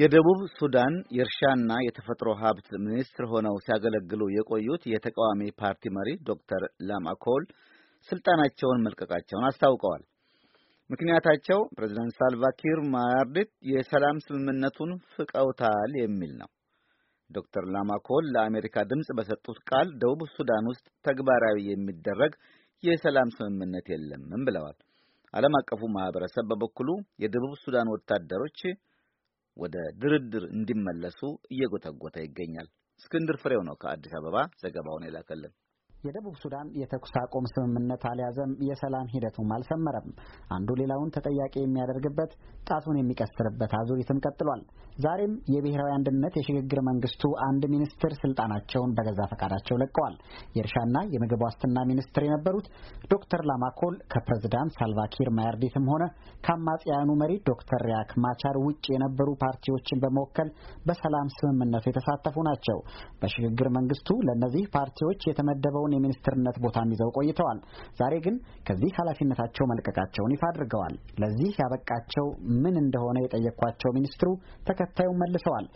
የደቡብ ሱዳን የእርሻና የተፈጥሮ ሀብት ሚኒስትር ሆነው ሲያገለግሉ የቆዩት የተቃዋሚ ፓርቲ መሪ ዶክተር ላማኮል ስልጣናቸውን መልቀቃቸውን አስታውቀዋል። ምክንያታቸው ፕሬዚዳንት ሳልቫኪር ማያርዲት የሰላም ስምምነቱን ፍቀውታል የሚል ነው። ዶክተር ላማኮል ለአሜሪካ ድምፅ በሰጡት ቃል ደቡብ ሱዳን ውስጥ ተግባራዊ የሚደረግ የሰላም ስምምነት የለምም ብለዋል። ዓለም አቀፉ ማህበረሰብ በበኩሉ የደቡብ ሱዳን ወታደሮች ወደ ድርድር እንዲመለሱ እየጎተጎተ ይገኛል። እስክንድር ፍሬው ነው ከአዲስ አበባ ዘገባውን የላከልን። የደቡብ ሱዳን የተኩስ አቁም ስምምነት አልያዘም፣ የሰላም ሂደቱም አልሰመረም። አንዱ ሌላውን ተጠያቂ የሚያደርግበት ጣቱን የሚቀስርበት አዙሪትም ቀጥሏል። ዛሬም የብሔራዊ አንድነት የሽግግር መንግስቱ አንድ ሚኒስትር ስልጣናቸውን በገዛ ፈቃዳቸው ለቀዋል። የእርሻና የምግብ ዋስትና ሚኒስትር የነበሩት ዶክተር ላማኮል ከፕሬዝዳንት ሳልቫኪር ማያርዲትም ሆነ ከአማጽያኑ መሪ ዶክተር ሪያክ ማቻር ውጭ የነበሩ ፓርቲዎችን በመወከል በሰላም ስምምነቱ የተሳተፉ ናቸው። በሽግግር መንግስቱ ለእነዚህ ፓርቲዎች የተመደበውን ያላቸውን የሚኒስትርነት ቦታም ይዘው ቆይተዋል። ዛሬ ግን ከዚህ ኃላፊነታቸው መልቀቃቸውን ይፋ አድርገዋል። ለዚህ ያበቃቸው ምን እንደሆነ የጠየኳቸው ሚኒስትሩ ተከታዩን መልሰዋል።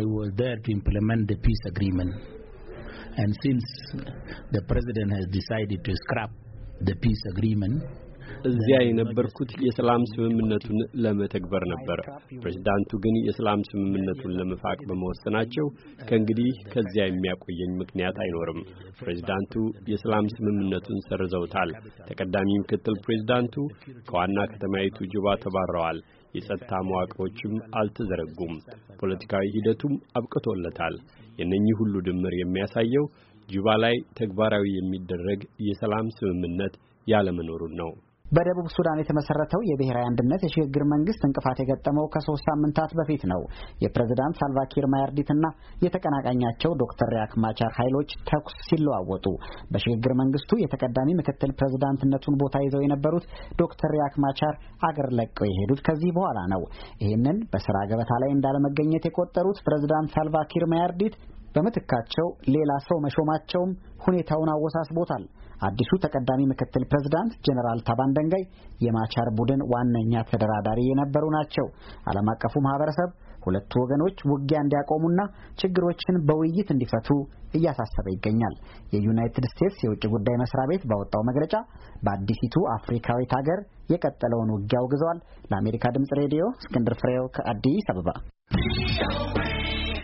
I was there to implement the peace agreement. And since the president has decided to scrap the peace agreement, እዚያ የነበርኩት የሰላም ስምምነቱን ለመተግበር ነበር። ፕሬዚዳንቱ ግን የሰላም ስምምነቱን ለመፋቅ በመወሰናቸው ከእንግዲህ ከዚያ የሚያቆየኝ ምክንያት አይኖርም። ፕሬዚዳንቱ የሰላም ስምምነቱን ሰርዘውታል። ተቀዳሚ ምክትል ፕሬዚዳንቱ ከዋና ከተማይቱ ጁባ ተባረዋል። የጸጥታ መዋቅሮችም አልተዘረጉም። ፖለቲካዊ ሂደቱም አብቅቶለታል። የነኚህ ሁሉ ድምር የሚያሳየው ጁባ ላይ ተግባራዊ የሚደረግ የሰላም ስምምነት ያለመኖሩን ነው። በደቡብ ሱዳን የተመሰረተው የብሔራዊ አንድነት የሽግግር መንግስት እንቅፋት የገጠመው ከሶስት ሳምንታት በፊት ነው። የፕሬዝዳንት ሳልቫኪር ማያርዲትና የተቀናቃኛቸው ዶክተር ሪያክ ማቻር ኃይሎች ተኩስ ሲለዋወጡ በሽግግር መንግስቱ የተቀዳሚ ምክትል ፕሬዝዳንትነቱን ቦታ ይዘው የነበሩት ዶክተር ሪያክ ማቻር አገር ለቀው የሄዱት ከዚህ በኋላ ነው። ይህንን በስራ ገበታ ላይ እንዳለመገኘት የቆጠሩት ፕሬዝዳንት ሳልቫኪር ማያርዲት በምትካቸው ሌላ ሰው መሾማቸውም ሁኔታውን አወሳስቦታል። አዲሱ ተቀዳሚ ምክትል ፕሬዝዳንት ጀነራል ታባን ደንጋይ የማቻር ቡድን ዋነኛ ተደራዳሪ የነበሩ ናቸው። ዓለም አቀፉ ማህበረሰብ ሁለቱ ወገኖች ውጊያ እንዲያቆሙና ችግሮችን በውይይት እንዲፈቱ እያሳሰበ ይገኛል። የዩናይትድ ስቴትስ የውጭ ጉዳይ መስሪያ ቤት ባወጣው መግለጫ በአዲሲቱ አፍሪካዊት ሀገር የቀጠለውን ውጊያ አውግዘዋል። ለአሜሪካ ድምጽ ሬዲዮ እስክንድር ፍሬው ከአዲስ አበባ